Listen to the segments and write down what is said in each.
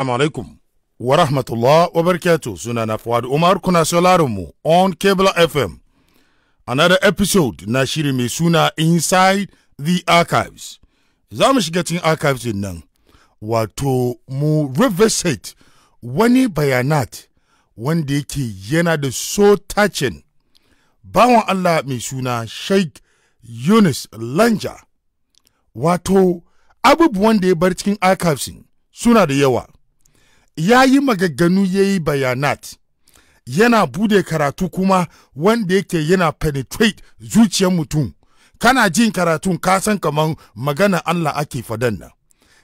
Assalamu alaikum wa rahmatullah wa barakatuh suna na Fuad Umar kuna sauraron mu on Cable FM. Another episode na shiri mai suna Inside the Archives. Za mu shiga cikin archives din nan wato mu revisit wani bayanat wanda yake yana da so touching bawan Allah mai suna Sheikh Yunus Lanja wato abubuwan da ya bar cikin archives suna da yawa. ya yi magagganu ya yi bayanat yana bude karatu kuma wanda yake yana penetrate zuciyar mutum kana jin karatun kasan kamar magana Allah ake fadan nan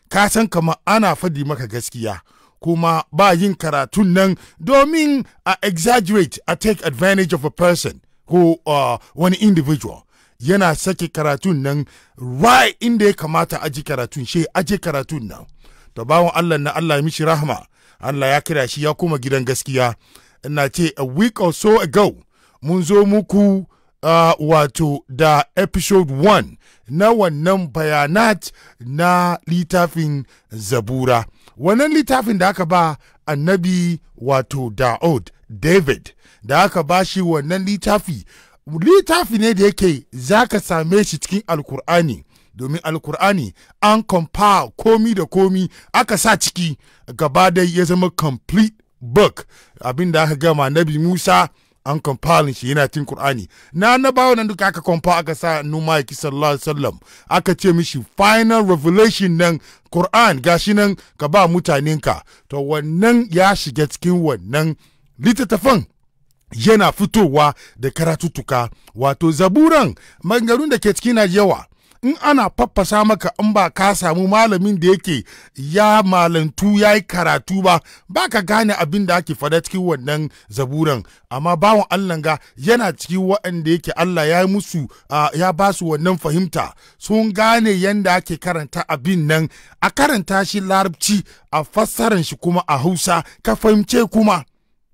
kasan san ana fadi maka gaskiya kuma ba yin karatun nan domin a exaggerate a take advantage of a person ko uh, wani individual yana sake karatun nan right inda ya kamata aji karatun she aje karatun nan to bawon Allah na Allah mishi rahma Allah ya kira shi ya kuma gidan gaskiya ina ce a week or so ago mun zo muku wato da episode 1 na wannan bayanat na littafin zabura wannan littafin da aka ba annabi wato da'od david da aka ba shi wannan littafi littafi ne da yake za ka same shi cikin alkur'ani domin alkur'ani an compound komi da komi aka sa ciki gaba dai ya zama complete book abinda aka gama nabi musa an compile shi yana cin Qur'ani na na bawa nan duka aka compile aka sa numa ya sallallahu alaihi aka ce mishi final revelation nan Qur'an gashi nan ka ba mutanenka to wannan ya shiga cikin wannan littattafan yana fitowa da karatuttuka wato zaburan mangarun da ke cikin yawa in ana faffasa maka in ba ka samu malamin da yake ya malantu ya yi karatu ba ba ka gane abin da ake fada cikin wannan zaburan amma bawan allah ga yana cikin waɗanda yake allah ya yi musu ya ba su wannan fahimta sun gane yanda ake karanta abin nan a karanta shi larabci a fassaran shi kuma a hausa ka fahimce kuma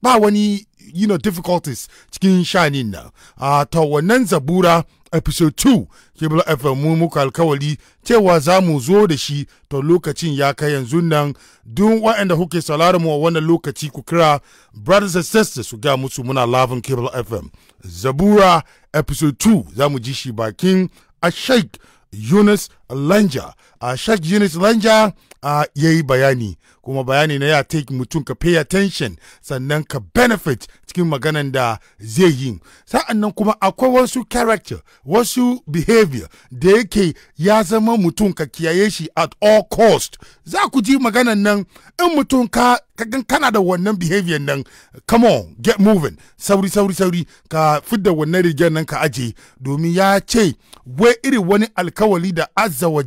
ba wani you know difficulties cikin shanin nan uh, to wannan zabura episode 2 kibla fm mu muka alkawali cewa za mu zo da shi to lokacin ya kai yanzu nan duk waɗanda kuke saurara mu a wannan lokaci ku kira brothers and sisters su ga musu muna lafin kibla fm zabura episode 2 za mu ji shi bakin a sheikh Yunus Lanja. A uh, Yunus Lanja a yayi bayani, kuma bayani na ya take mutum ka pay attention sannan ka benefit cikin maganan da zai yi sa'an nan kuma akwai wasu character wasu behavior da yake ya zama mutum ka kiyaye shi at all cost za ku ji maganan nan in mutum ka kagan kana da wannan behavior nan come on get moving sauri sauri sauri ka fidda wannan rigar nan ka aje domin ya ce wai iri wani alkawali da azza wa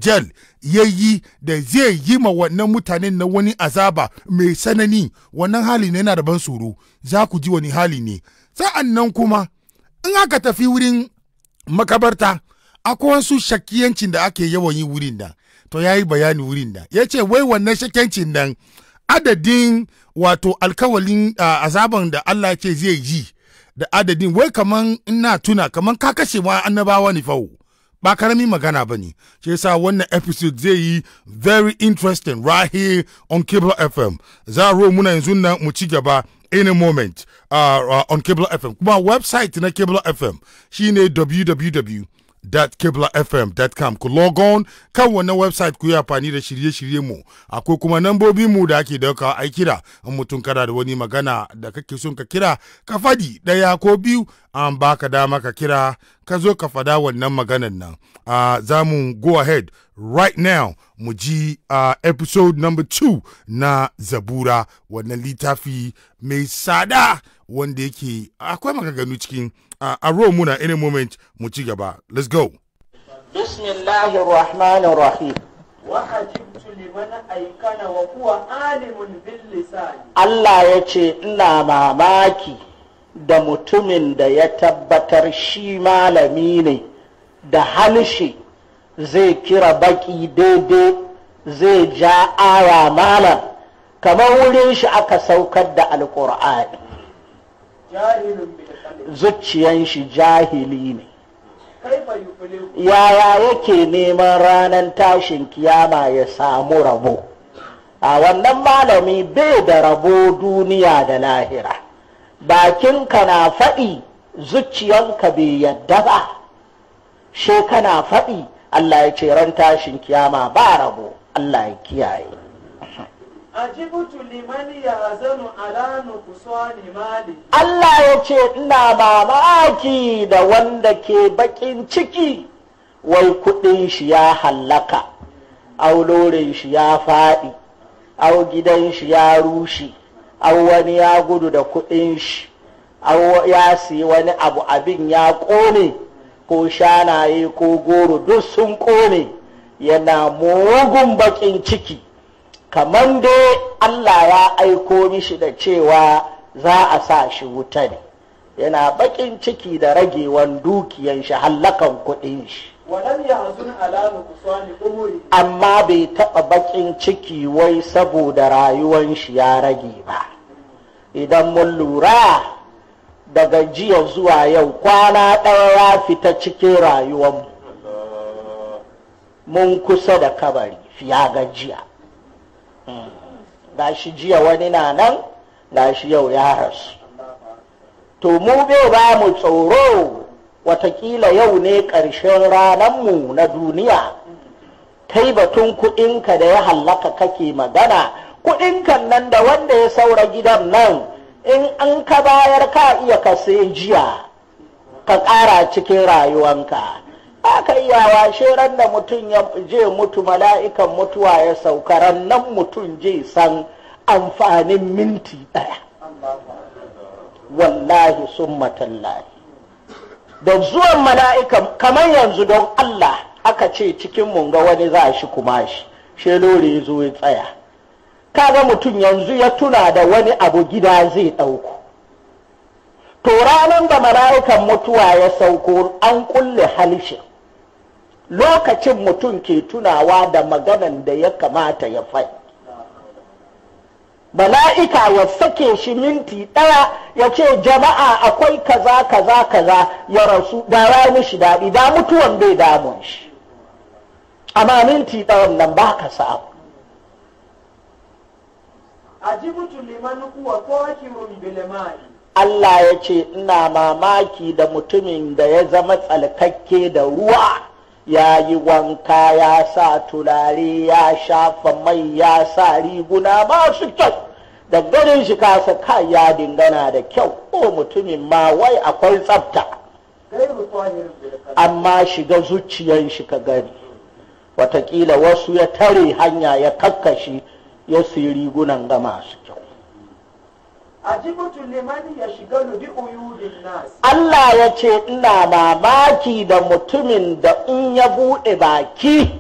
ya yi da zai yi ma wannan mutanen na wani azaba mai sanani wannan hali ne yana da ban tsoro za ku ji wani hali ne sa'an nan kuma in aka tafi wurin makabarta akwai wasu shakiyancin da ake yawan yi wurin da to ya yi bayani wurin da ya ce wai wannan shakiyancin nan adadin wato alkawalin azaban da Allah ce zai yi da adadin wai kaman ina tuna kaman ka kashe ma annabawa ne fawo ba karamin magana ba ne shi wannan episode zai yi very interesting right here on cable fm za ro muna yanzu na mu ci gaba any moment uh, uh, on cable fm kuma website na cable fm shine www www.kiblafm.com ku log on kan wannan website ku yi amfani da shirye-shirye mu akwai kuma nambobin mu da ake dauka ai kira in mutum kana da wani magana da kake son ka kira ka fadi daya ko biyu an baka dama ka kira ka zo ka fada wannan maganan nan uh, za mu go ahead right now mu ji uh, episode number two na zabura wannan littafi mai sada wanda yake akwai ganu cikin uh, a muna any moment mu ci gaba let's go rahim Allah ya ce ina mamaki da mutumin da ya tabbatar shi malami ne da halshe zai kira baki daidai zai ja aya malam kamar wurin shi aka saukar da alkur'ani zuciyan shi jahili ne yaya yake neman ranar tashin kiyama ya samu rabo a wannan malami bai da rabo duniya da lahira Bakin ka na faɗi zuciyanka bai yadda ba she kana faɗi Allah ya ce ran tashin kiyama ba rabo Allah ya kiyaye ajibutu liman yahzanu ala nuqsani mali Allah ya ce ina mamaki da wanda ke bakin ciki wai kudin shi ya hallaka aulorin shi ya faɗi au gidan shi ya rushe au wani ya gudu da kuɗin shi an ya siyi wani abu abin ya ƙone ko shanaye ko goro duk sun ƙone yana mugun baƙin ciki kamar dai Allah ya aiko mishi da cewa za a sa shi wuta ne yana baƙin ciki da ragewan dukiyan shi hallakan kuɗin shi amma bai taɓa baƙin ciki wai saboda rayuwan shi ya rage ba idan mun lura daga jiya zuwa yau kwana ɗaya fita cikin rayuwan mun kusa da kabari fiya ga jiya hmm. ga shi jiya wani na nan ga shi yau ya rasu to mu bai ba mu tsoro watakila yau ne ƙarshen mu na duniya kai batun kuɗinka da ya hallaka kake magana kuɗinkan nan da wanda ya saura gidan nan in an ka bayar ka iya ka jiya ka ƙara cikin rayuwanka aka washe ran da mutum ya je mutu mala'ikan mutuwa ya sauka rannan mutum je san amfanin minti ɗaya wallahi sun matallahi da zuwan mala'ika kamar yanzu don Allah aka ce cikin munga wani za shi kuma shi shi lori ya zo ya tsaya kaga mutum yanzu ya tuna da wani abu gida zai ɗauku. to ranar da mala'ikan mutuwa ya sauko an ƙulle halshe lokacin mutum ke tunawa da maganan da ya kamata ya faɗi mala'ika ya sake shi minti ɗaya ya ce jama'a akwai kaza kaza kaza ya rasu da rami shi daɗi da mutuwan bai damun shi amma minti ɗayan nan ba ka samu ajibtu liman huwa qakimun bil ma'i Allah ya ce ina mamaki da mutumin da ya zama tsalkakke da ruwa ya yi wanka ya sa tulare ya shafa mai ya sa riguna masu kyau da ganin shi kasa kai ya dingana da kyau ko mutumin ma wai akwai tsafta amma shiga zuciyan shi ka gani watakila wasu ya tare hanya ya kakkashi ya siyi rigunan ga masu kyau Allah ya ce ina mamaki da mutumin da in ya buɗe baki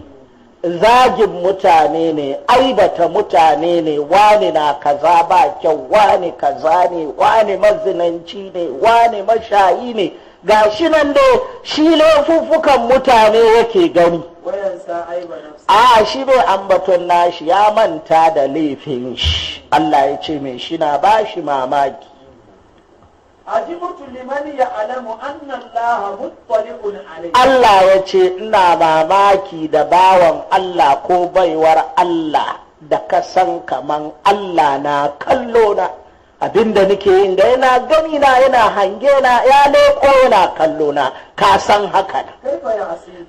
zagin mutane ne aibata mutane ne wani na kaza ba kyau wani kaza ne wani mazinanci ne wani mashayi ne ga shi nan da shi laifuffukan mutane yake gani a shi bai ambaton nashi ya manta da laifin shi Allah ya ce mai shi na ba shi mamaki Allah ya ce ina mamaki da bawan Allah ko baiwar Allah da kasan kaman Allah na kallo na Abin da nake yin da yana gani na yana hange na ya leko yana kallo na ka san haka na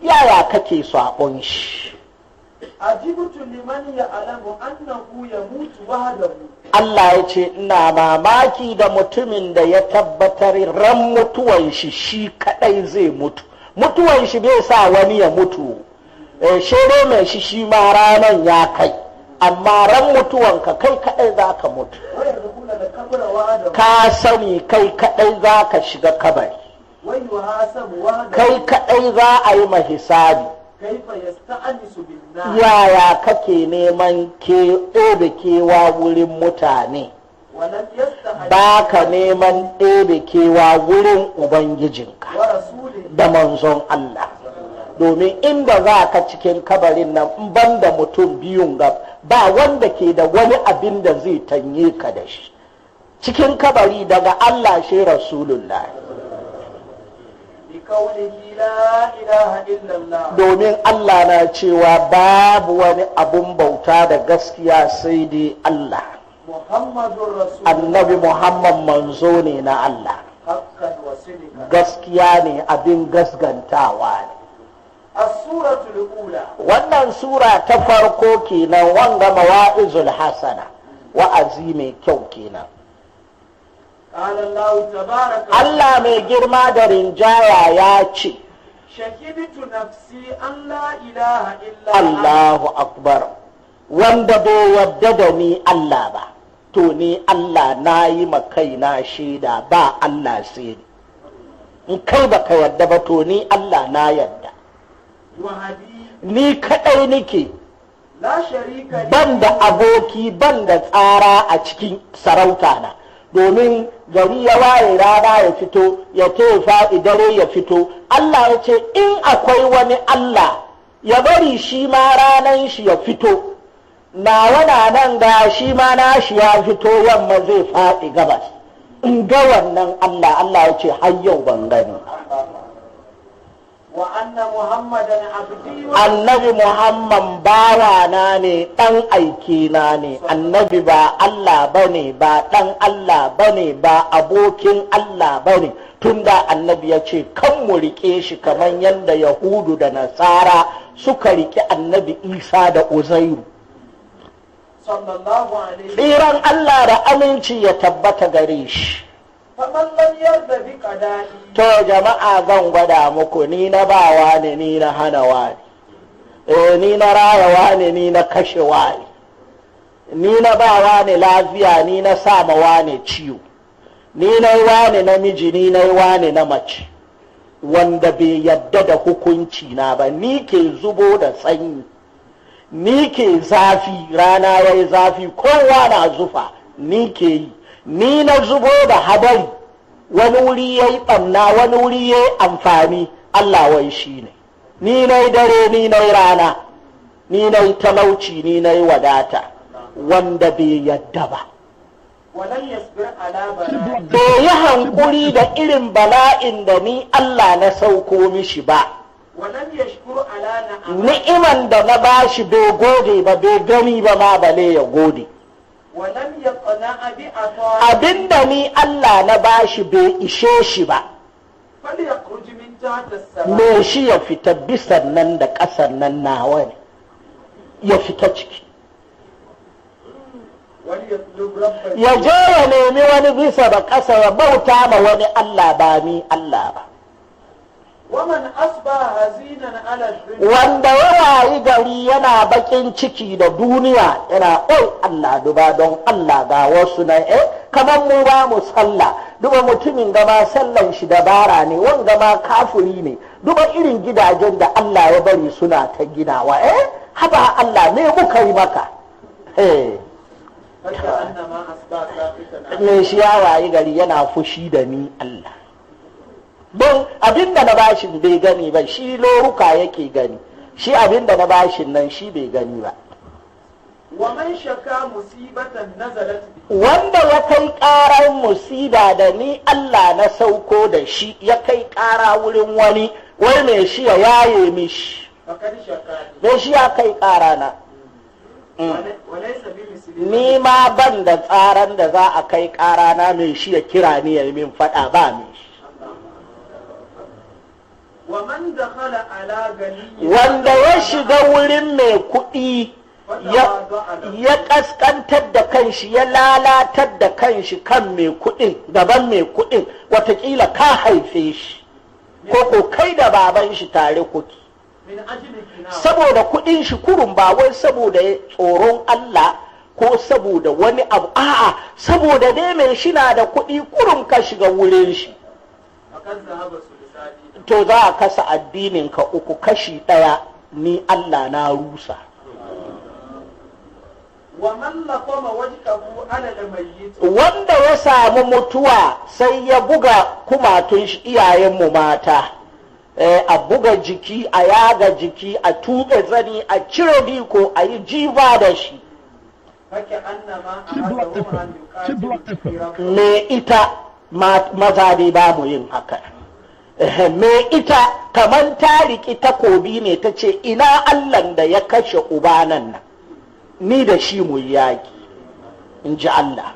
yaya kake saƙon shi ajibtu Allah ya ce ina mamaki da mutumin da ya tabbatar ran mutuwan shi shi kadai zai mutu mutuwan shi bai sa wani ya mutu eh shere mai shi shi ma ranan ya kai amma ran mutuwanka kai kaɗai za ka mutu ka sani kai kaɗai za ka shiga kabari kai kaɗai za a yi mahisabi yaya kake neman ɗebe kewa wurin mutane ba ka neman ɗebe kewa wurin ubangijinka da manzon Allah domin inda za ka cikin kabarin nan ban da mutum biyun gab ba wanda ke da wani abin da zai tanye ka da shi cikin kabari daga Allah shi rasulullah domin Allah na cewa babu wani abun bauta da gaskiya sai dai Allah annabi Muhammad manzo ne na Allah gaskiya ne abin gasgantawa ne wannan sura ta farko kenan wanga mawa'izul hasana wa'azi mai kyau kenan Allah mai girma da rinjaya ya ce shahiditu nafsi an la ilaha illa Allahu akbar wanda bai wadda da ni Allah ba to ni Allah na yi makaina shaida ba Allah sai ni in kai baka yadda ba to ni Allah na yadda ni kaɗai nake ban da aboki ban da tsara a cikin sarauta na domin gari ya waye rana ya fito ya tofa idare ya fito Allah ya ce in akwai wani Allah ya bari shi ma ranan shi ya fito na wana nan ga shi ma nashi ya fito yamma zai faɗi gabas in ga wannan Allah Allah ya ce har yau ban gani annabi muhammad na ne dan aiki na ne annabi ba allah ba ne ba dan allah ba ne ba abokin allah ba ne da annabi ya ce kan mu rike shi kamar yadda yahudu da nasara suka rike annabi isa da uzairu tsiran allah da aminci ya tabbata gare shi to jama'a zan gwada muku ni na bawa ne ni na wa ne eh ni na rayawa ne ni na wa ne ni na bawa ne lafiya ni na samawa ne ciwo ni na ne namiji ni na ne na mace wanda bai yadda da hukunci na ba ni ke zubo da sanyi ni ke zafi rana wai zafi kowa na zufa ni ke yi ni na zubo da hadari wani wuri ya yi ɓanna wani wuri ya yi amfani Allah wai shi ne ni na yi dare ni na yi rana ni na yi talauci ni na yi wadata wanda bai yadda ba bai yi hankuri da irin bala'in da ni Allah na sauko mishi ba ni'iman da na bashi bai gode ba bai gani ba ma bale ya gode abin da ni Allah na bashi bai ishe shi ba me shi ya fita bisan nan da ƙasar nan nawa ne ya fita ciki ya je ya nemi wani bisa da ƙasa ya bauta ma wani Allah ba ni Allah ba wanda ya wayi gari yana bakin ciki da duniya yana oi Allah duba don Allah ga wasu na eh kamar mu ba mu sallah duba mutumin gama sallan shi dabara ne wani gama kafuri ne duba irin gidajen da Allah ya bari suna ta ginawa eh haba Allah ne muka yi maka eh me shi ya wayi gari yana fushi da ni Allah don da na bashin bai gani ba shi loruka yake gani shi abin da na bashin nan shi bai gani ba wanda ya kai karar musiba da ni Allah na sauko da shi ya kai kara wurin wani wai mai shi ya yaye mishi don shi ya kai kara na mm. ni ma ban da tsaran da za a kai kara na mai shi ya kira ni ya min fada ba mai wanda ya shiga wurin mai kuɗi ya ƙasƙantar da kanshi ya lalatar da kanshi kan mai kuɗin daban mai kuɗin watakila ka haife shi ko ko kai da baban shi tare kuki saboda kuɗin shi kurun ba wai saboda tsoron Allah ko saboda wani abu a'a saboda dai mai shi na da kuɗi kurun ka shiga wurin shi to za a kasa addinin ka uku kashi ɗaya ni Allah na rusa wanda ya samu mutuwa sai ya buga kumatun iyayenmu mata eh, a buga jiki a yaga jiki a tuɓe zani a cire biko, a yi jiba da shi me ita maza ne ba mu yin haka me ita kamar ta riƙi takobi ne ta ce ina allah da ya kashe uba nan ni da shi mu yaƙi in ji allah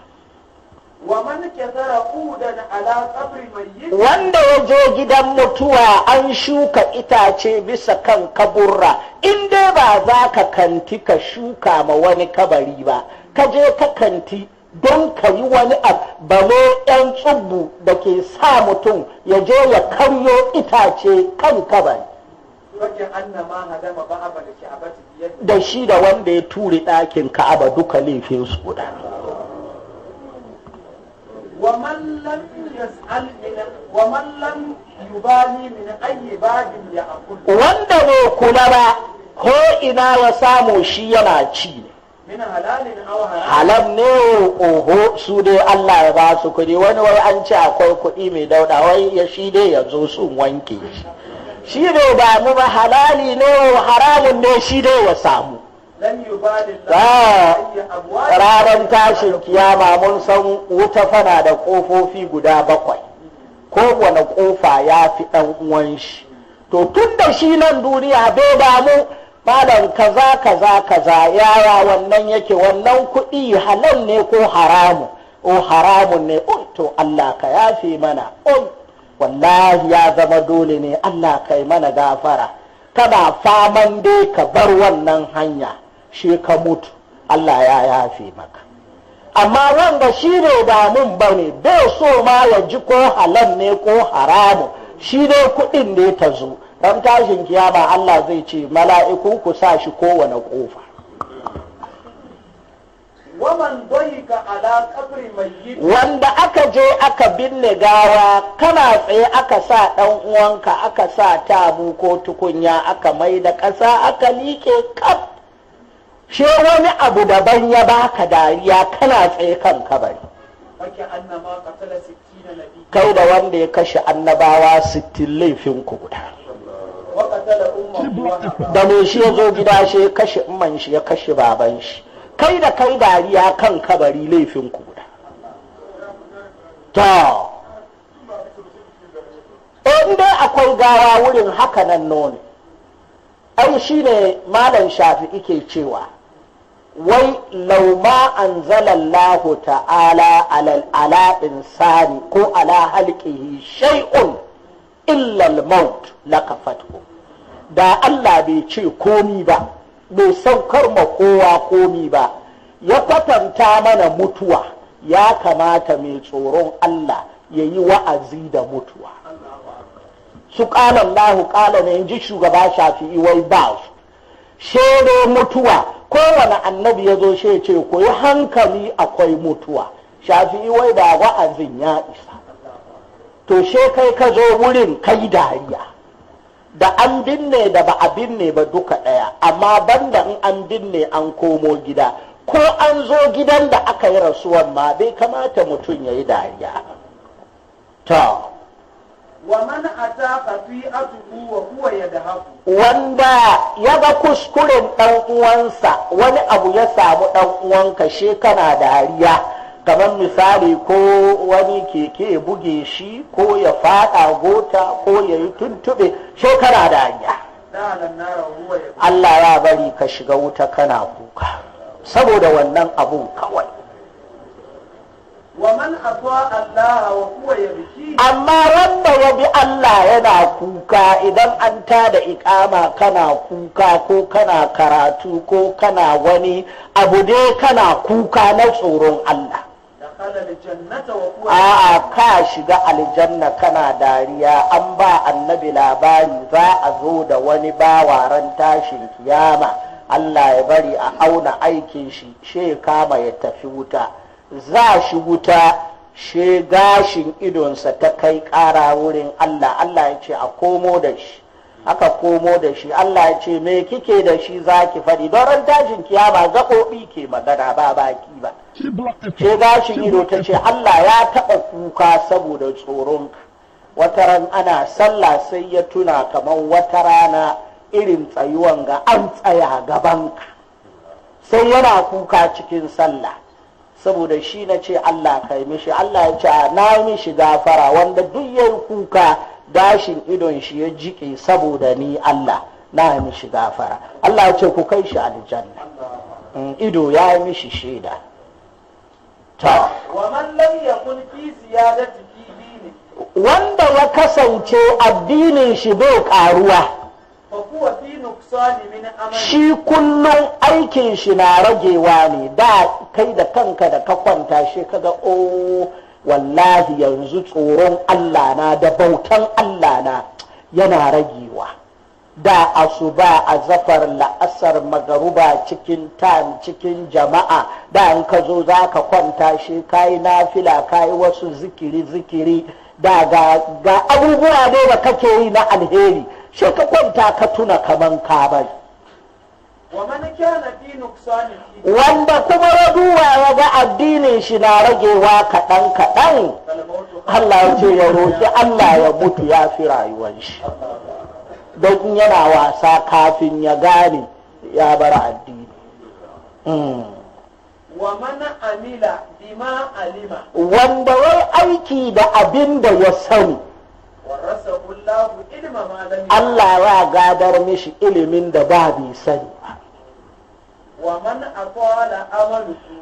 wanda ya je gidan mutuwa an shuka itace bisa kan kaburra in dai ba za ka kanti ka shuka ma wani kabari ba ka je ka kanti don ka yi wani abu 'yan tsubbu da ke sa mutum ya je ya karyo itace kan kabari da shi da wanda ya turi ɗakin ka'aba duka laifin su guda wanda ne kula ba ko ina ya samu shi yana ci ne halal ne oho su dai Allah ya ba su kuɗi wani wai an ce akwai kuɗi mai dauɗa wai ya shi dai ya zo sun wanke shi shi ba mu ba halali ne haramun ne shi dai ya samu ranar tashin kiyama mun san wuta fana da ƙofofi guda bakwai Ko wani ƙofa ya fi ɗan uwan shi to tun da shi nan duniya bai damu malam kaza kaza kaza yara wannan yake wannan kuɗi halal ne ko haramu o oh, haramun ne oh, to Allah ka yafe mana un oh, wallahi ya zama dole ne Allah kai mana gafara kana faman dai ka bar wannan hanya shi ka mutu Allah ya yafe maka amma wanda shi ne damun ba ne bai so ma ya ji ko halal ne ko haramu shi ne kuɗin ne ta zo dan tashin kiyama Allah zai ce mala'iku ku sa shi kowane kofa wanda aka je aka binne gawa kana tsaye aka sa ɗan uwanka aka sa tabu ko tukunya aka mai da ƙasa aka liƙe kaf she wani abu daban ya baka dariya kana tsaye kan kabari kai da wanda ya kashe annabawa sittin laifin ku guda da mai shi ya zo gida shi ya kashe umman shi ya kashe baban shi kai da kai dariya kan kabari laifin ku Ta. in dai akwai gara wurin haka nan noni ai shi ne malam shafi ke cewa wai lauma an zalallahu ta'ala ala insani ko ala halƙihi shai'un illal maut lakafathu da Allah bai ce komi ba bai saukar ma kowa komi ba ya kwatanta mana mutuwa ya kamata mai tsoron Allah ya yi wa'azi da mutuwa su ƙala Allahu ƙala ne shugaba shafi'i wai ba su shedo mutuwa kowane annabi ya zo shi ce ku yi hankali akwai mutuwa shafi'i wai ba wa'azin ya isa to she kai ka zo wurin kai dariya da an binne da ba a binne ba duka ɗaya amma banda in an binne an komo gida ko an zo gidan da aka yi rasuwan ma bai kamata mutum ya yi dariya to wa kuwa ya da haku wanda ya ga kuskuren ɗan uwansa wani abu ya samu ɗan uwanka shi kana dariya kamar misali ko wani keke ya buge shi ko ya fada gota ko ya yi tuntube shekara da hanya Allah ya bari ka shiga wuta kana kuka saboda wannan abun kawai amma wanda ya bi Allah yana kuka idan an ta da ikama kana kuka ko kana karatu ko kana wani abu dai kana kuka na tsoron Allah a'a ka shiga aljanna kana dariya an ba annabi labari za a zo da wani bawaran tashin kiyama Allah ya bari a auna aikin shi she kama ya tafi wuta za shi wuta she gashin idonsa ta kai ƙara wurin Allah Allah ya ce a komo da shi aka komo da shi Allah ya ce me kike da shi zaki faɗi don ran tashin kiyama gaɓoɓi ke magana ba baki ba ce gashin ido ta ce Allah ya taɓa kuka saboda tsoron wata ran ana sallah sai ya tuna kamar wata rana irin tsayuwan ga an tsaya gaban ka sai yana kuka cikin sallah saboda shi na ce Allah kai mishi Allah ya ce na mishi gafara wanda duk yayi kuka gashin idon shi ya jike saboda ni Allah na yi mishi gafara Allah ya ce ku kai shi aljanna ido ya yi mishi shaida ta wanda ya kasance addinin shi bai karuwa shi kullum aikin shi na ragewa ne da kai da kanka da ka kwanta shi kaga o oh, wallahi yanzu tsoron Allah na da bautan Allah na yana ragewa da asuba a zafar la'asar magaruba cikin tan cikin jama'a da in ka zo za ka kwanta shi kayi nafila kayi wasu zikiri zikiri da ga abubuwa ne da kake yi na alheri shi ka kwanta ka tuna kaman ka wanda kuma raguwa ya ga addinin shi na ragewa kaɗan kaɗan Allah ya ce ya roƙi Allah ya mutu ya fi rayuwar shi don yana wasa kafin ya gane ya bar addini hmm. wanda wai aiki da abin da ya sani Allah ya gadar mishi ilimin da ba bai sani ba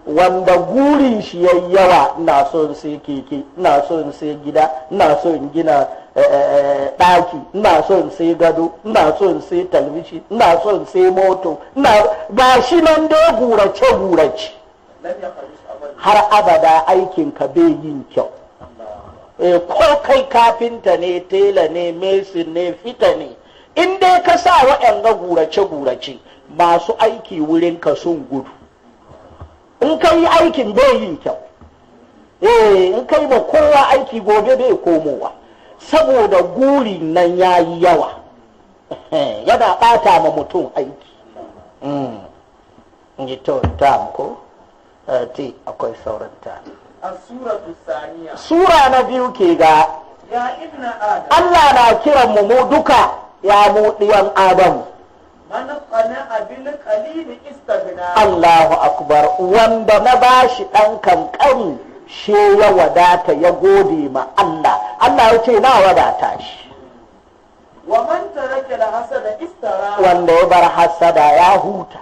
wanda gurin shi ya yawa na son sai keke na son sai gida na son gina eh, eh, eh, ɗaki na son sai gado na son sai talbici na son sai moto na ba shi nan dai gurace gurace har abada aikinka bai yin kyau ko kai kafinta ne tela ne mesin ne fita ne in dai ka sa ga gurace gurace masu aiki wurin ka sun gudu in ka yi aikin bai yin kyau eh in kai ba kowa aiki gobe bai komowa saboda guri nan ya yi yawa yana ɓata ma mutum aiki mm. in ji ta ko eh, ti akwai sauran ta sura na biyu ke ga Allah na kiran mu duka ya mu ɗiyan Adamu Allahu akbar wanda na ba shi ɗan kankan shi ya wadata ya gode ma Allah Allah ya ce na wadata shi wanda ya bar hasada ya huta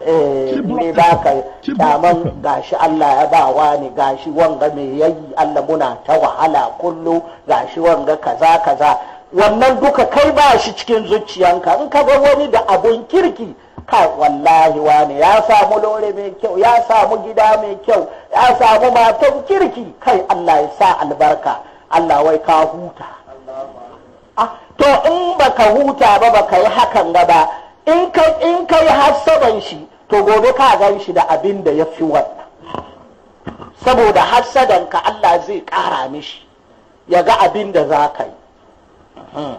ne eh, ba ka daman gashi Allah ya ba ni gashi wanga mai yayi Allah muna ta wahala kullu gashi wanga kaza kaza wannan duka kai ba shi cikin zuciyanka in ka wani da abun kirki ka wallahi wani ya samu lore mai kyau ya samu gida mai kyau ya samu matan kirki kai Allah ya sa albarka Allah wai ka huta ah, to in baka huta ba baka yi hakan gaba in ka in kai hasaban shi to gobe ka gan shi da abin da ya fi wannan saboda hasadanka Allah zai kara mishi ya ga abin da za ka yi Mm.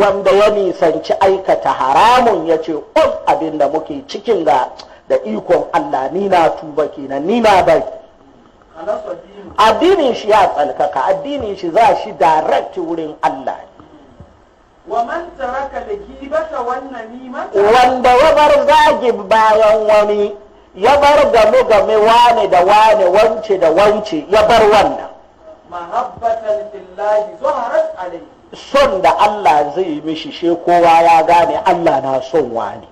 wanda ya nisanci aikata haramun ya ce of abin da muke cikin ga da ikon Allah ni na tuba kenan ni na bai addinin shi ya tsalkaka addinin shi za shi direct wurin Allah wanda ya bar zagi bayan wani ya bar game game wane da wane wance da wance ya bar wannan mahabbatan zuharat alayhi son da Allah zai yi mishi she kowa ya gane Allah na son wani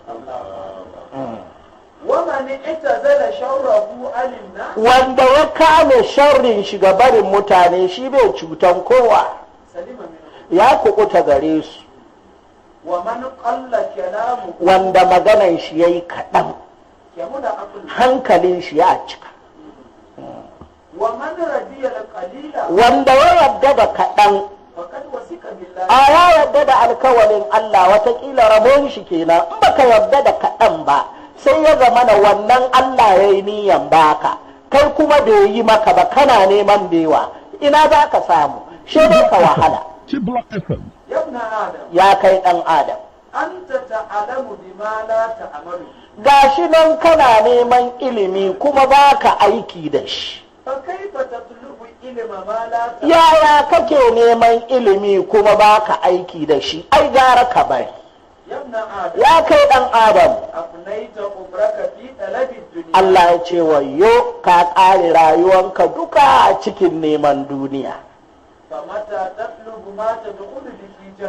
wanda ya kame sharrin shi ga barin mutane shi bai cutan kowa ya kukuta gare su wanda maganan shi ya yi kaɗan hankalin shi ya cika wanda ya yarda da kaɗan a ya yarda da alkawalin Allah watakila rabon shi kenan in baka yarda da kaɗan ba sai ya zama na wannan Allah ya yi niyan baka kai kuma bai yi maka ba kana neman bewa ina za ka samu shi ne ka wahala ya kai ɗan adam gashi nan kana neman ilimi kuma baka aiki da shi yaya kake neman ilimi kuma ba ka aiki da shi ai gara ka bari ya kai dan adam Allah ya ce wayo ka ƙare rayuwanka duka a cikin neman duniya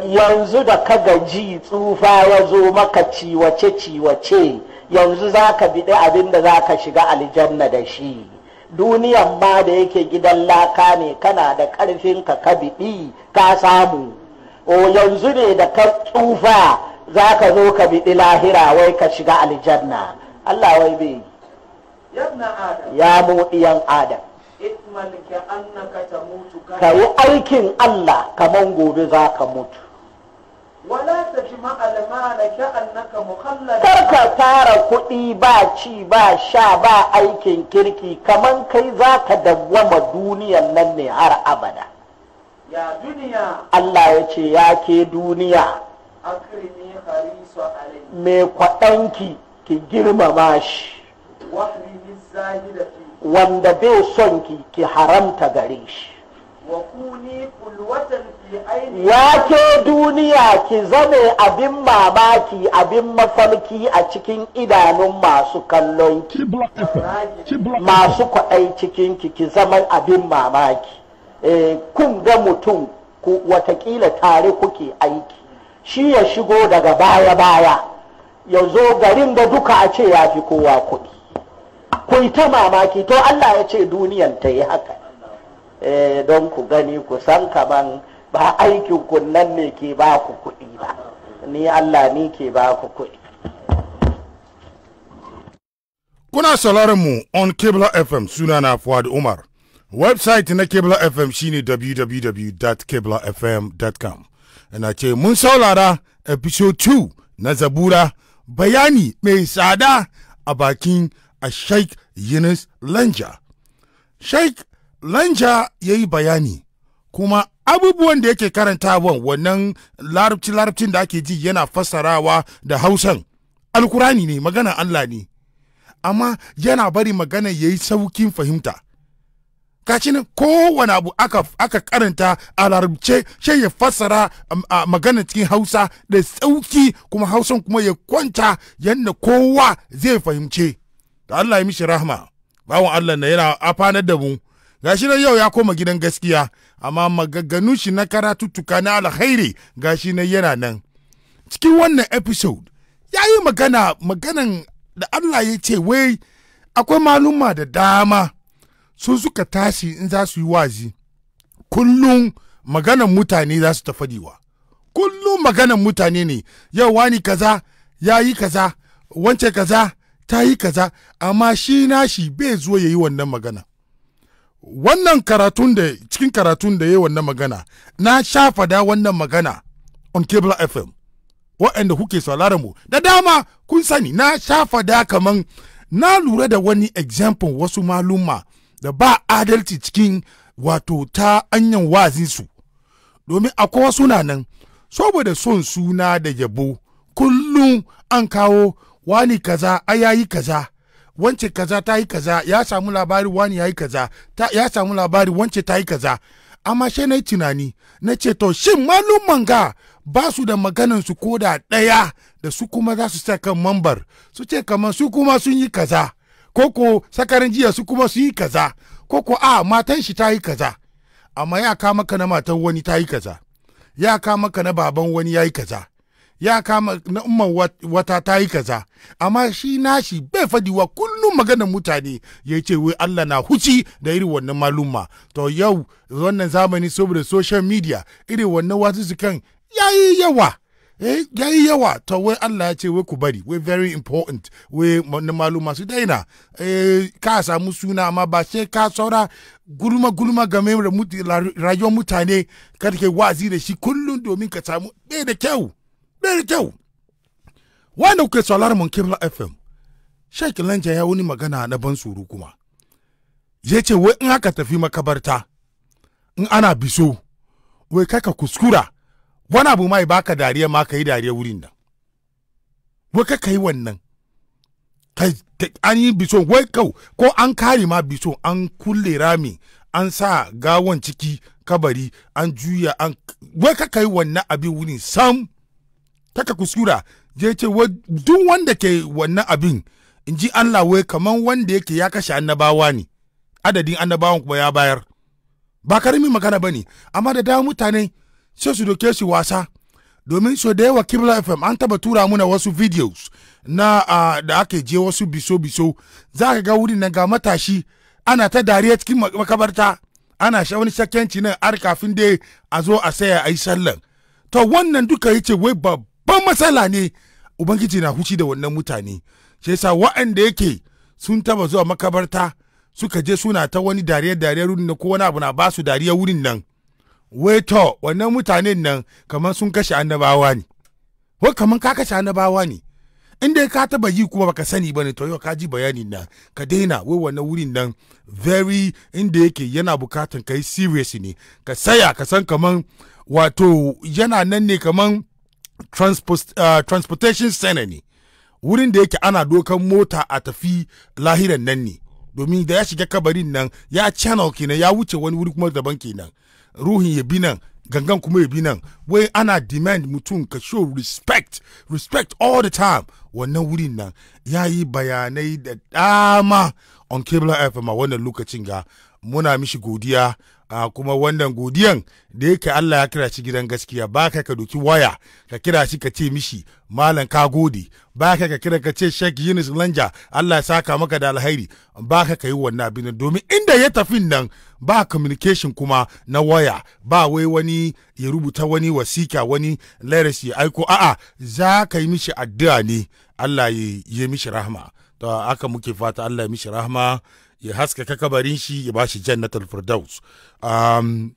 yanzu da ka gaji tsufa ya zo maka ciwace-ciwace yanzu za ka biɗi abin da za ka shiga aljanna da shi duniyan ma da yake gidan laka ne kana da karfin ka ka biɗi ka samu o yanzu ne da ka tsufa za ka zo ka biɗi lahira wai ka shiga aljanna Allah wai bai ya mu adam ka yi aikin Allah kaman gobe za ka mutu wala kar ka tara kuɗi ba ci ba sha ba aikin kirki kaman kai za ka dawwama duniyan nan ne har abada ya duniya Allah ya ce ya ke duniya akrimi harisu alayhi me kwaɗanki ki girmama shi wanda bai son ki ki haramta gare shi Ya ke duniya ki zame abin mamaki abin mafarki a cikin idanun masu kallon ki? masu kwaɗai cikin ki ki zama abin mamaki. Eh, kun ga mutum watakila tare kuke aiki shi ya shigo daga baya-baya ya zo garin da duka a ce ya fi kowa kuɗi. Kun ta mamaki to Allah ya ce duniyan ta yi haka. Eh, don ku gani ku san kaman ba aikin kunnan ne ke ba ku kuɗi ba ni Allah ni ke ba ku kuɗi kuna sauraron mu on Kebla FM suna na Fuad Umar website na Kebla FM shine www.kiblafm.com ina ce mun saurara episode 2 na zabura bayani mai tsada a bakin a sheikh yunus lanja sheikh lanja ya yi bayani kuma abubuwan da yake karantawan wannan larabci-larabcin da ake ji yana fassarawa da hausan alkurani ne magana allah ne amma yana bari magana ya yi saukin fahimta kaci ne kowane abu aka, karanta a larabce shi ya fassara um, a magana cikin hausa da sauki kuma hausan kuma ya kwanta yadda kowa zai fahimce da allah ya mishi rahma bawon allah na yana afanar da mu gashi nan yau ya koma gidan gaskiya amma magagganu shi na karatuttuka na alkhairi gashi nan yana nan cikin wannan episode ya yi magana maganan da Allah ya ce wai akwai maluma da dama sun suka tashi in za su yi wazi kullum maganan mutane za su tafadiwa kullum maganan mutane ne yau wani kaza ya yi kaza wance kaza ta yi kaza amma shi nashi bai zo ya yi wannan magana wannan karatun da cikin karatun da ya yi wannan magana na shafa da wannan magana on cable fm waɗanda kuke sauraron mu da dama kun sani na shafa da kaman na lura da wani example wasu maluma da ba adalci cikin wato ta anyan wazinsu domin akwai wasu na nan saboda son suna da yabo kullum an kawo wani kaza ayayi kaza wance kaza ta yi kaza ya samu labari wani ya yi kaza ya samu labari wance ta yi kaza amma shi na yi tunani na ce to shin malumman ga ba su da maganan su da ɗaya da su kuma za su sa kan mambar su ce kamar su kuma sun yi kaza ko ko sakarin jiya su kuma sun yi kaza ko ko a matan shi ta yi kaza amma ya ka maka na matan wani ta yi kaza ya ka maka na baban wani ya yi kaza ya kama na umman wata ta yi kaza amma shi nashi bai fadiwa kullum magana mutane ya ce wai Allah na huci da irin wannan malumma to yau wannan zamani saboda social media irin wannan su kan yayi yawa eh ya yawa to wai Allah ya ce wai ku bari wai very important wai na maluma su daina eh ka samu suna amma ba sai ka saura gulma gulma game da rayuwar mutane kada ke wazi da shi kullum domin ka samu bai da kyau da kyau wanda kuke sauraron mun kimla fm sheik lanja ya wani magana na ban tsoro kuma ya ce wai in aka tafi makabarta in ana biso wai kai ka kuskura wani abu mai baka dariya ma ka yi dariya wurin na wai kai ka yi wannan an yi biso wai kau ko an kari ma biso an kulle rami an sa gawon ciki kabari an juya an wai ka kai wannan abin wurin sam kaka kuskura je ce duk wanda ke wannan abin in ji Allah wai kamar wanda yake ya kashe annabawa ne adadin annabawan kuma ya bayar ba karamin magana ba ne amma da dama mutane sai su doke shi wasa domin so da yawa kibla fm an taba tura muna wasu videos na uh, da ake je wasu biso-biso za ka ga wurin na ga matashi ana ta dariya cikin makabarta ana sha wani shakkenci nan har kafin dai a zo a saya a yi sallan to wannan duka yace wai babba babban matsala ne ubangiji na hushi da wannan mutane shi yasa waɗanda yake sun taba zuwa makabarta suka je suna ta wani dariya dariya wurin na ko abu na basu dariya wurin nan wai wannan mutanen nan kamar sun kashe annabawa ne ko kamar ka kashe annabawa ne in dai ka taba yi kuma baka sani bane to yau ka ji bayani nan ka daina wai wannan wurin nan very inda yake yana bukatan kai serious ne ka saya ka san kaman wato yana nan ne kaman Uh, transportation center ne wurin da yake ana dokan mota a tafi lahiran nan ne domin da ya shiga kabarin nan ya channel kenan ya wuce wani wuri kuma daban kenan ruhin ya bi nan gangan kuma ya bi nan wai ana demand mutum ka show respect respect all the time wannan wurin nan ya yi bayanai da dama on cable fm a wannan lokacin ga muna mishi godiya a kuma wannan godiyan da yake Allah ya kira shi gidan gaskiya ba ka doki waya ka kira shi ka ce mishi malam ka gode ba ka kira ka ce Sheikh Yunus Lanja Allah ya saka maka da alhairi baka ka ka yi wannan abin domin inda ya tafi nan ba communication kuma na waya ba wai wani ya rubuta wani wasika wani letters ya aiko a'a za ka yi mishi addu'a ne Allah ya yi mishi rahma to haka muke fata Allah ya mishi rahma ya haskaka kabarin shi ya ba shi jannatul firdaus um,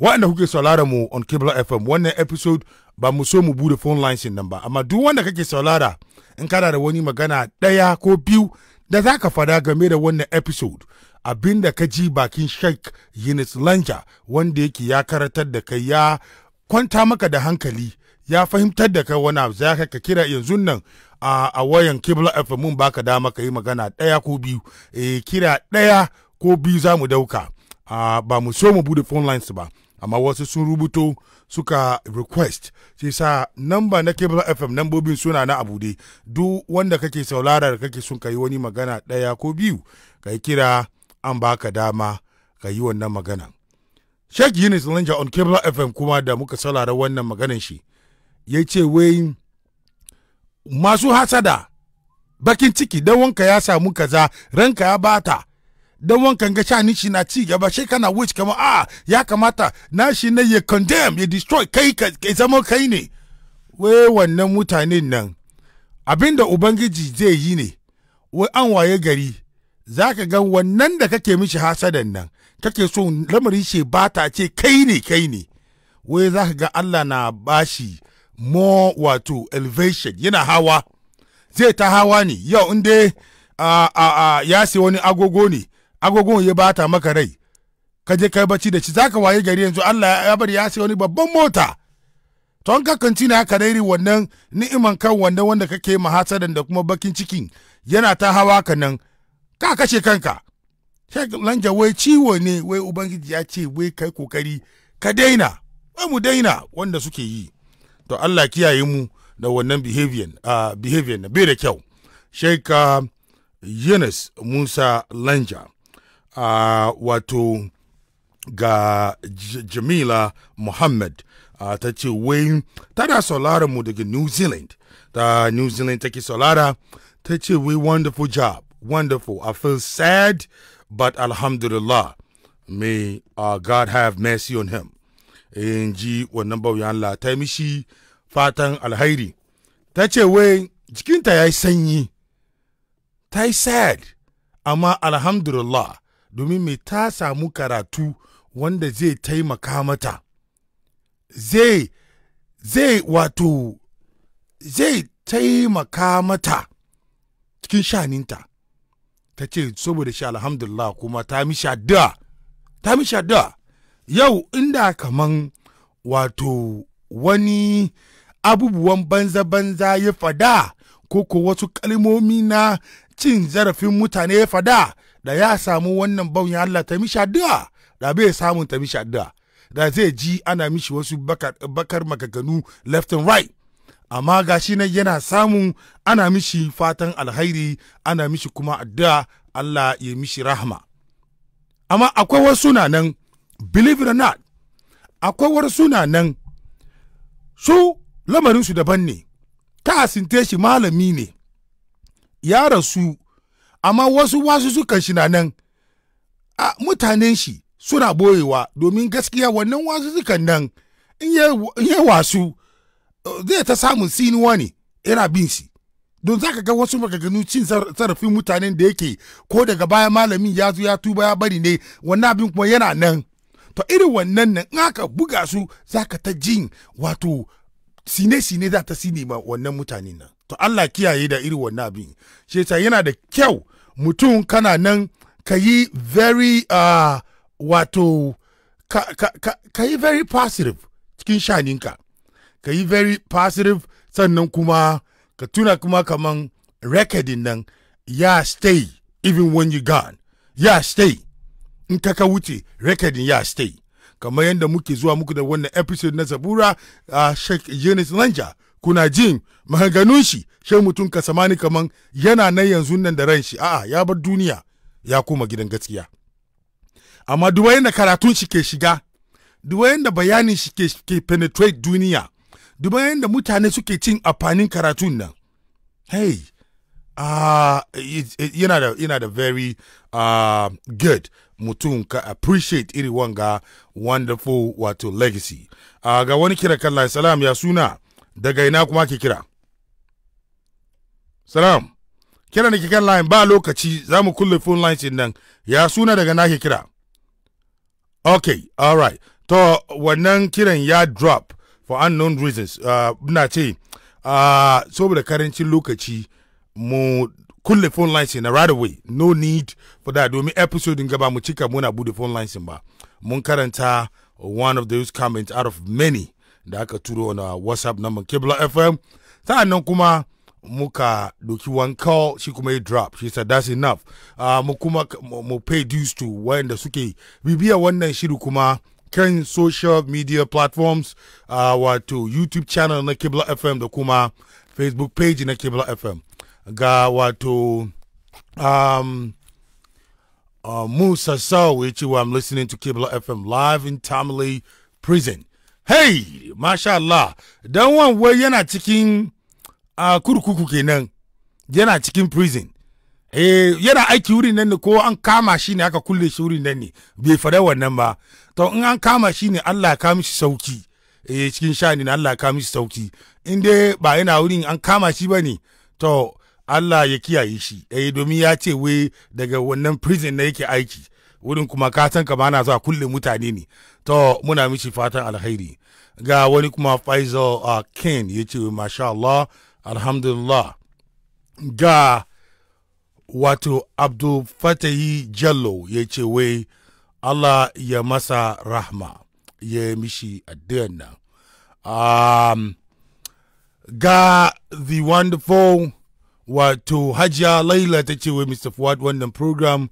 waɗanda kuke saurara mu on cable fm wannan episode ba mu so mu bude phone lines nan ba amma duk wanda kake saurara in kana da wani magana ɗaya ko biyu da za ka fada game da wannan episode abinda ka ji bakin sheikh yunus lanja wanda yake ya karatar da kai ya kwanta maka da hankali ya fahimtar da kai wani abu za ka kira yanzu nan a wayan kibla fm mun baka dama ka yi magana ɗaya ko biyu eh, kira ɗaya ko biyu za mu dauka ba mu so mu bude phone lines ba amma wasu sun rubuto suka request sai sa namba na cable fm nambobin suna na dai duk wanda kake saulara da kake sun kayi wani magana ɗaya ko biyu ka yi kira an baka dama ka yi wannan magana sheikh Yunus lanja on cable fm kuma da muka saurara wannan maganan shi ya ce wai masu hasada bakin ciki dan wanka ya samu kaza ranka ya bata dan wanka ga shani shi na ci gaba shi kana wish kamar a ah, ya kamata na shi ne ya condemn ya destroy kai ka zama kai ne wai wannan mutanen nan abinda ubangiji zai yi ne wai an waye gari za ka ga wannan da kake mishi hasadan nan kake so lamari shi bata ce kai ne kai ne wai za ka ga Allah na bashi more wato elevation yana hawa zai ta hawa ne yau in dai ya sai wani agogo ne agogon ya bata maka rai ka je kai bacci da shi zaka waye gari yanzu Allah ya bari ya sai wani babban mota an ka na ka dairi wannan ni'iman kan wannan wanda kake mahasadan da kuma bakin cikin yana ta hawa ka nan ka kashe kanka shek lanja wai ciwo ne wai ubangiji ya ce wai kai kokari ka daina wai mu daina wanda suke yi to Allah kiyaye mu da wannan behavior uh, behavior na bai da kyau sheika Yunus Musa Lanja uh, wato ga Jamila Muhammad uh, ta ce wai tana sauraron mu daga New Zealand ta New Zealand take saurara ta ce wai wonderful job wonderful I feel sad but alhamdulillah may uh, God have mercy on him Eh, in ji wannan bauyan Allah ta mishi fatan alhairi ta ce wai jikinta ya yi sanyi ta yi sad amma alhamdulillah domin mai ta samu karatu wanda zai taimaka mata zai zai wato zai taimaka mata cikin shaninta ta ce saboda shi alhamdulillah kuma ta mishi da ta mishi da yau inda kaman wato wani abubuwan banza-banza ya fada ko ko wasu kalmomi na cin zarafin mutane ya fada da ya samu wannan bauyin Allah ta mishi addu'a da bai samun ta mishi addu'a da zai ji ana mishi wasu bakar, bakar left and right amma ga shi nan yana samun ana mishi fatan alhairi ana mishi kuma addu'a Allah ya mishi rahma." amma akwai wasu na nan believe it or not akwai wani suna nan su lamarinsu daban ne ka sinte shi malami ne ya rasu amma wasu wasu sukan shi na nan a mutanen shi suna boyewa domin gaskiya wannan wasu sukan nan in yi wasu zai ta samun sinuwa ne yana bin shi don za ka ga wasu magaganu cin zarafin mutanen da yake ko daga baya malamin ya zo ya tuba ya bari ne wannan abin kuma yana nan to irin wannan nan in aka buga su za ka ta jin wato sine-sine za ta sine ma wannan mutane nan to Allah kiyaye da irin wannan abin shi yasa yana da kyau mutum kana nan ka yi very uh, wato ka, ka, ka, ka yi very positive cikin shaninka ka yi very positive sannan kuma ka tuna kuma kaman recording nan ya stay even when you gone ya stay in ka ka wuce rekodin ya stay kamar yadda muke zuwa muku da wannan episode na zabura a shek yunis lanja kuna jin maganganun shi shai mutum ka samani kaman yana nan yanzu nan da ran shi a'a ya bar duniya ya koma gidan gaskiya amma duba yadda karatun shi ke shiga duba yadda bayanin shi ke, ke penetrate duniya duba yadda mutane suke cin amfanin karatun nan hey uh, yana da yana da very uh, good mutum ka appreciate iri wanga wonderful wato legacy uh, ga wani kira kan salam ya suna daga ina kuma ke kira salam kira da ke kan line ba lokaci za mu kulle phone lines din nan ya suna daga na ke kira ok alright to wannan kiran ya drop for unknown reasons uh, na ce uh, saboda karancin lokaci mu kulle phone lines na right away no need for that domin episode gaba mu cika muna bude phone lines ba mun karanta one of those comments out of many da aka turo na uh, whatsapp number kibla fm sa'annan kuma muka doki one call shi kuma ya drop shi said that's enough uh, mu kuma mu pay dues to wayanda suke bibiya wannan shiri kuma kan social media platforms uh, wato youtube channel na kebla fm da kuma facebook page na kebla fm ga wato um, uh, Musa which you I'm listening to Kibla FM live in Tamale prison. Hey, masha Allah, dan we yana cikin uh, kurkuku kenan, yana cikin prison. Eh, yana aiki wurin nan ne ko an kama shi ne aka kulle shi wurin nan ne, bai fara wannan ba. To, in an kama shi ne Allah ya kama shi sauki, eh, cikin shani ne, Allah ya kama shi sauki. In dai ba yana wurin an kama shi ba ne, to, Allah ya kiyaye shi eh domin ya ce wai daga wannan prison na yake aiki wurin kuma ka san kama zuwa kulle mutane ne to muna mishi fatan alkhairi ga wani kuma Faisal uh, Ken ya ce masha Allah alhamdulillah ga wato Abdul Fatahi Jallo ya ce wai Allah ya masa rahma ya mishi addu'an nan um, ga the wonderful wato hajiya laila ta ce wai mr fuad wannan program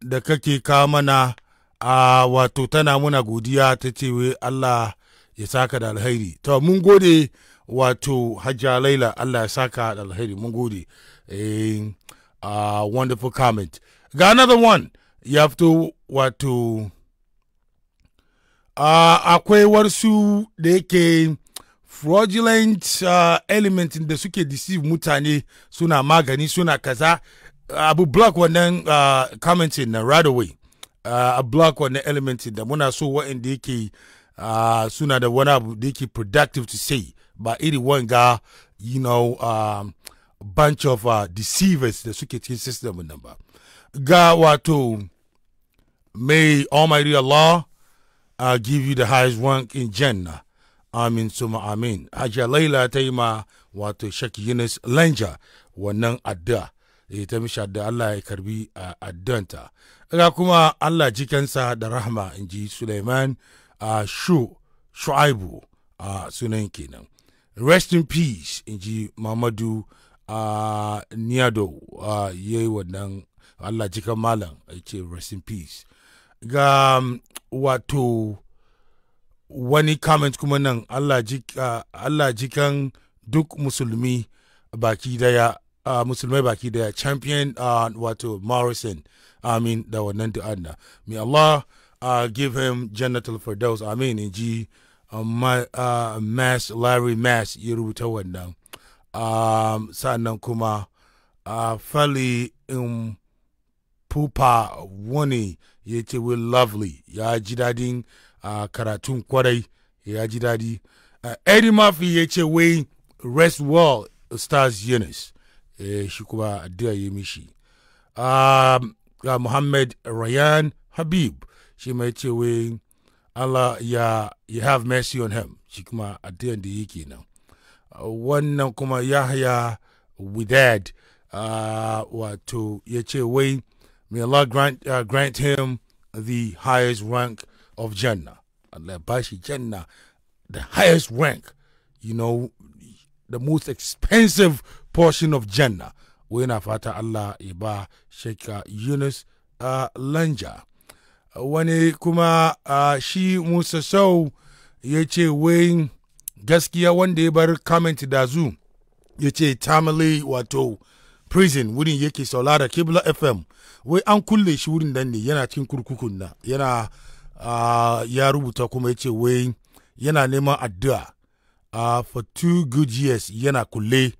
da kake kawo mana a wato tana muna godiya ta ce wai allah ya saka da alheri to mun gode wato hajiya laila allah ya saka da alheri mun gode eh, a wonderful comment ga another one ya fito wato akwai warsu da yake fraudulent uh, element da suke deceive mutane suna magani suna kaza abu block wannan uh, commenting na right away uh, a block wannan element da muna so wa'anda yake uh, suna da wani abu da yake productive to say ba iri wanga you know um, bunch of uh, deceivers da suke cikin system nan ba ga wato may almighty allah uh, give you the highest rank in jannah amin suma amin hajiya laila ta yi ma wato shek yunus lanja wannan addu'a e ta mishi addu'a allah ya karbi addu'anta ga kuma allah jikansa da rahama in ji suleiman a shu shu'aibu a sunan kenan rest in peace in ji mamadu a niyado ya yi wannan allah jikan malam a ce rest in peace ga wato wani comment kuma nan Allah jikan duk musulmi baki daya uh, musulmai baki daya champion uh, wato morrison amin da wannan du'an na may allah uh, give him genital for those amin in ji uh, mass larry mass ya rubuta wannan um, sannan kuma uh, fali in pupa wani ya ce we lovely ya ji dadin a karatun kwarai ya ji daɗi eddie murphy ya ce wai rest well stars Yunus eh, shi kuma addu'a ya mishi Muhammad Rayan Habib shi mai ce wai Allah ya you have mercy on him shi kuma addu'an da yake nan wannan kuma Yahya Widad wato ya ce wai may Allah grant, uh, grant him the highest rank of Jannah. Allah bashi Jannah, the highest rank, you know, the most expensive portion of Jannah. Wena fata Allah ya ba Sheikh Yunus uh, Lanja. Wani kuma uh, shi Musa Sau ya ce wai gaskiya wanda ya bar comment da zu ya ce tamale wato prison wurin yake saulara kibla fm wai an kulle shi wurin nan ne yana cikin kurkukun na yana ya rubuta kuma ya ce wai yana neman addu'a uh, for two good years yana kulle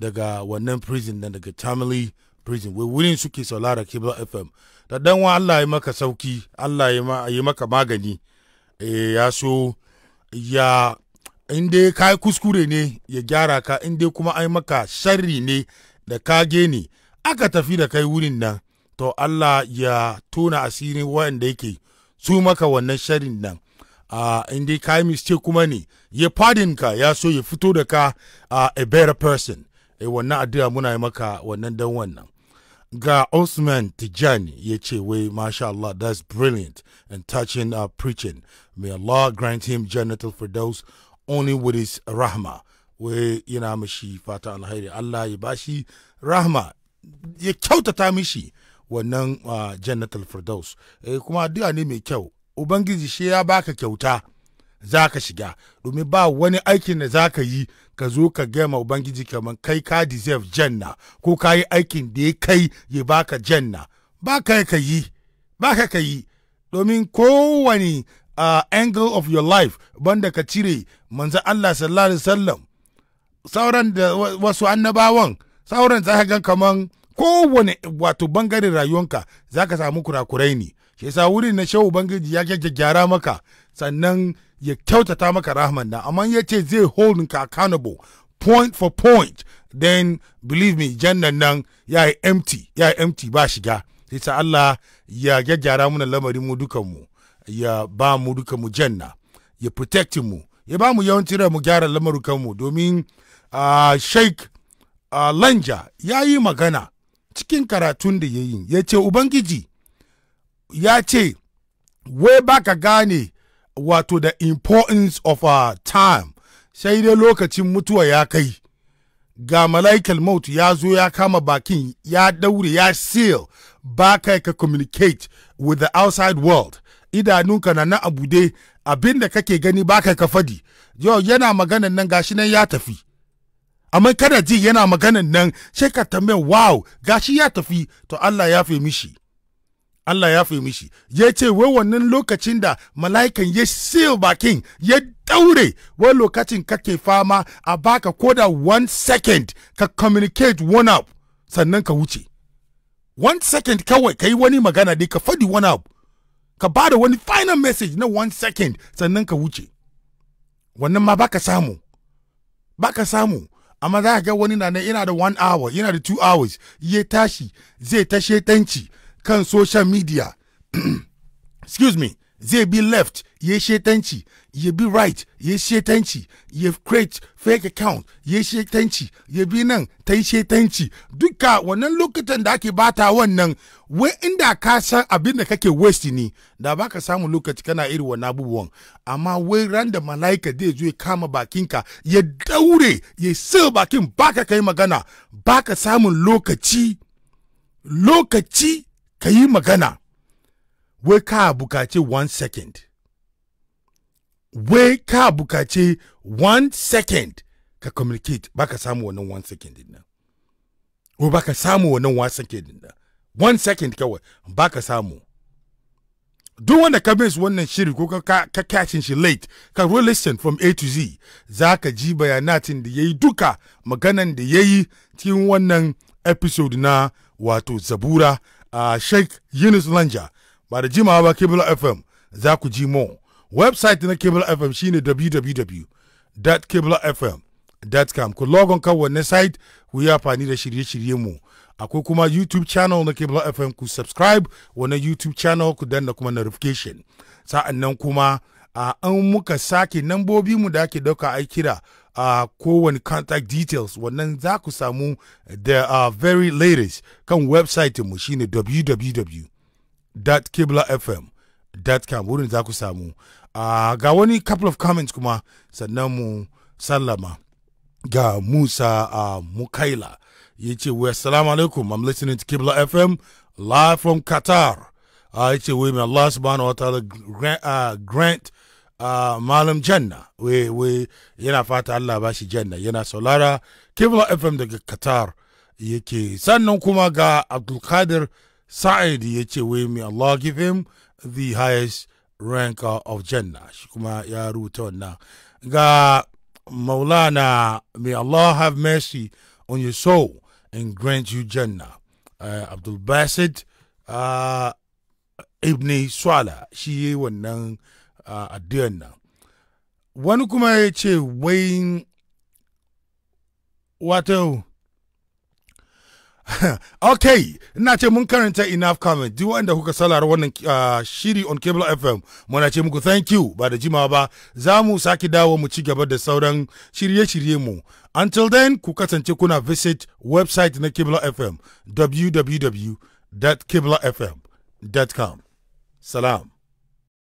daga wannan prison da daga tamale prison wai wurin suke saulara cable fm da dan wa allah ya maka sauki allah ya maka magani e, ya so ya in ka ka kuskure ne ya gyara ka inda kuma ai maka sharri ne da ka ne aka tafi da kai wurin nan to allah ya tona asirin wa'anda yake su maka wannan sharin nan uh, in dai ka yi kuma ne ya fadin ka ya so ya fito da ka uh, a better person e wannan addu'a muna yi maka wannan dan wannan ga Osman Tijani ya ce wai masha Allah that's brilliant and touching uh, preaching may Allah grant him jannat for those only with his rahma wai yana mishi fata alheri Allah ya bashi rahma ya kyautata mishi wannan uh, jannatul firdaus eh, kuma addu'a ne mai kyau ubangiji shi ya baka kyauta za ka shiga domin ba wani aikin da za ka yi ka zo ka gama ubangiji kamar kai ka deserve janna ko ka yi aikin da ya kai ya baka janna ba ka ka yi ba ka ka yi domin kowane uh, angle of your life banda ka cire manzan Allah sallallahu alaihi wasallam sauran da wasu annabawan sauran za ka gan kamar. kowane wato bangaren rayuwanka za ka samu kurakurai ne shi yasa wurin na shehu ubangiji ya gyara maka sannan ya kyautata maka rahman na amma ya ce zai hold ka accountable point for point then believe me jannan nan ya yi empty ya yi empty ba shiga sai sa Allah ya gyaggyara mana lamarin mu dukan mu ya ba mu dukan mu janna ya protect mu ya ba mu yawanci mu gyara lamarin mu domin uh, uh, Lanja ya yi magana cikin karatun da ya yi ya ce ubangiji ya ce wai baka gane wato the importance of our time sai dai lokacin mutuwa ya kai ga malaikal maut ya zo ya kama bakin ya daure ya seal ba ka ka communicate with the outside world idanunka na na abu dai abin da kake gani ba ka ka fadi yau yana maganan nan gashi nan ya tafi amma kada ji yana maganan nan sai ka tambaya wow gashi ya tafi to Allah ya fi mishi Allah ya fi mishi ya ce wai wannan lokacin da mala'ikan ya seal bakin ya daure wai lokacin kake fama a baka koda one second ka communicate one up sannan ka wuce one second kawai ka yi wani magana dai ka faɗi one up ka ba da wani final message na one second sannan ka wuce wannan ma baka samu baka samu amma za ka ga wani na nan yana da one hour yana da two hours ya tashi zai ta shetanci kan social media excuse me zai bi left ya shetanci ya bi right ya shetanci ya create fake account ya shetanci ya bi nan ta yi shetanci duka wannan lokutan da ake bata wannan wai inda ka san abin da kake west ne da baka samu lokaci kana irin wannan abubuwan amma wai ran da malaika zai zo ya kama bakinka ya daure ya sa bakin baka kai magana baka samun lokaci lokaci ka yi magana wai ka bukace one second wai ka bukace one second ka communicate ba ka samu wannan one second din nan ko ka samu wannan one second din nan one second kawai ba ka samu duk wanda ka miss wannan shiri ko ka catching shi late ka really listen from A to Z za ka ji bayanatin da ya yi duka maganan da ya yi cikin wannan episode na wato zabura a uh, Sheikh Yunus Lanja ba da jimawa ba cable fm za ku ji mu website na cable fm shine www.cablefm.com ku logon kan wannan site ku yi amfani da shirye-shirye mu akwai kuma youtube channel na cable fm ku subscribe wannan youtube channel ku danna kuma notification sa'annan kuma a an muka sake nambobi mu da ake dauka a kira a uh, kowane contact details wannan za ku samu the uh, very latest kan website mu shine www www.kiblafm.com wurin za ku samu ah, ga wani couple of comments kuma sannan mu sallama ga musa a ah, mukaila ya ce wa assalamu alaikum i'm listening to kibla fm live from qatar ah, ya ce we allah subhanahu wa ta'ala grant, malam janna we, yana fata allah ba shi janna yana saulara kibla fm daga qatar yake sannan kuma ga abdulkadir Sa'id ya ce wai may Allah give him the highest rank of Jannah shi kuma ya rubuta wannan ga Maulana may Allah have mercy on your soul and grant you Jannah uh, Abdul Basid uh, Ibn Swala shi yi wannan uh, addu'an nan wani kuma ya ce wai wato ok ina ce mun karanta enough comment duk wanda kuka salara wannan uh, shiri on cable fm muna ce muku thank you ba da jimawa ba za mu sake dawo mu ci gaba da sauran shirye-shirye mu until then ku kasance kuna visit website na cable fm www.cablefm.com salam